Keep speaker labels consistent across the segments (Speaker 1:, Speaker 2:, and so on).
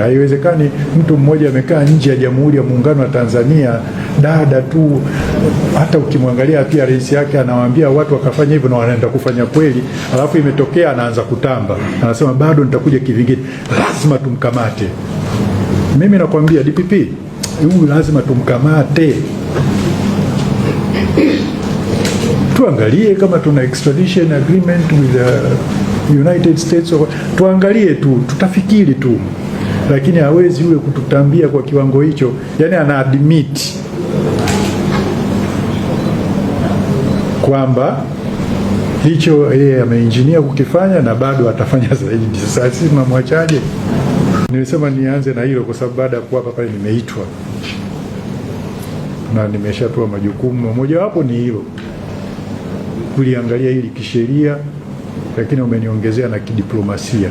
Speaker 1: Haiwezekani mtu mmoja amekaa nje ya Jamhuri ya Muungano wa Tanzania, dada tu. Hata ukimwangalia pia rais yake anawaambia watu wakafanya hivyo na wanaenda kufanya kweli, alafu imetokea anaanza kutamba, anasema bado nitakuja kivingine. Lazima tumkamate. Mimi nakwambia DPP huyu lazima tumkamate, tuangalie kama tuna extradition agreement with the United States, tuangalie tu, tutafikiri tu lakini hawezi yule kututambia kwa kiwango hicho, yani ana admit kwamba hicho yeye ameinjinia kukifanya na bado atafanya zaidi. Sasa sisi mamwachaje? Nilisema nianze na hilo kwa sababu baada ya kuwapa pale nimeitwa na nimeshapewa majukumu, mojawapo ni hilo kuliangalia hili kisheria, lakini umeniongezea na kidiplomasia.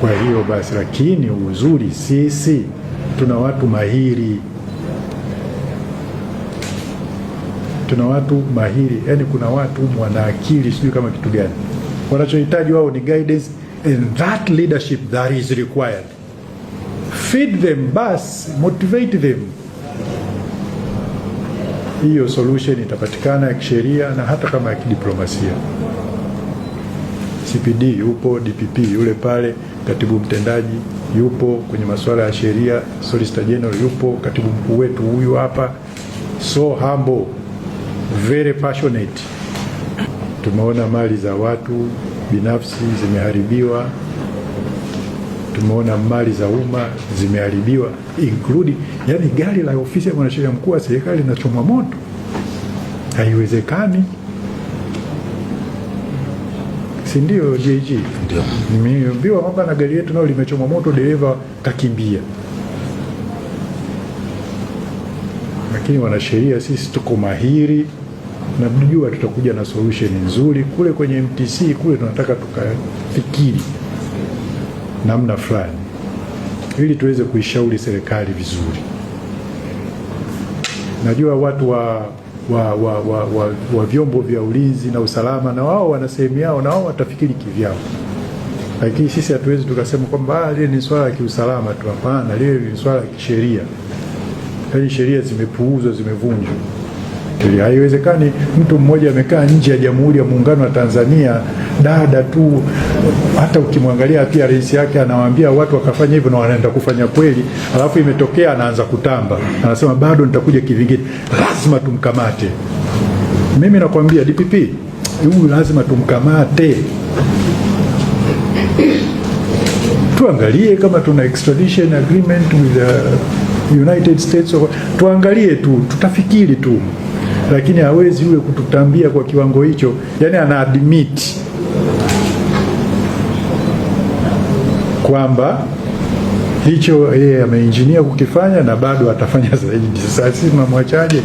Speaker 1: Kwa hiyo basi, lakini uzuri sisi tuna watu mahiri, tuna watu mahiri, yaani kuna watu mwana akili, sijui kama kitu gani wanachohitaji wao ni guidance and that leadership that is required. Feed them, bas motivate them. Hiyo solution itapatikana ya kisheria na hata kama ya kidiplomasia. CPD yupo, DPP yule pale katibu mtendaji yupo kwenye masuala ya sheria, solicitor general yupo, katibu mkuu wetu huyu hapa, so humble, very passionate. Tumeona mali za watu binafsi zimeharibiwa, tumeona mali za umma zimeharibiwa including, yani gari la ofisi ya mwanasheria mkuu wa serikali linachomwa moto, haiwezekani si ndio DG? Ndio.
Speaker 2: Nimeambiwa kwamba na gari yetu nao limechomwa moto, dereva kakimbia, lakini wanasheria sisi tuko mahiri na najua tutakuja na solution nzuri kule kwenye MTC kule, tunataka tukafikiri namna fulani ili tuweze kuishauri serikali vizuri. Najua watu wa wa, wa, wa, wa, wa vyombo vya ulinzi na usalama, na wao wana sehemu yao, na wao watafikiri kivyao, lakini sisi hatuwezi tukasema kwamba ah, lile ni swala la kiusalama tu. Hapana, lile ni swala la kisheria, yaani sheria zimepuuzwa, zimevunjwa.
Speaker 1: Haiwezekani mtu mmoja amekaa nje ya Jamhuri ya Muungano wa Tanzania, dada tu. Hata ukimwangalia pia rais yake anawaambia watu wakafanya hivyo na wanaenda kufanya kweli, alafu imetokea anaanza kutamba, anasema bado nitakuja kivingine, lazima tumkamate. Mimi nakwambia DPP huyu lazima tumkamate, tuangalie kama tuna extradition agreement with the United States, tuangalie tu, tutafikiri tu lakini hawezi yule kututambia kwa kiwango hicho, yani ana admit kwamba hicho yeye ameinjinia kukifanya na bado atafanya zaidi. Sasa sisi tunamwachaje?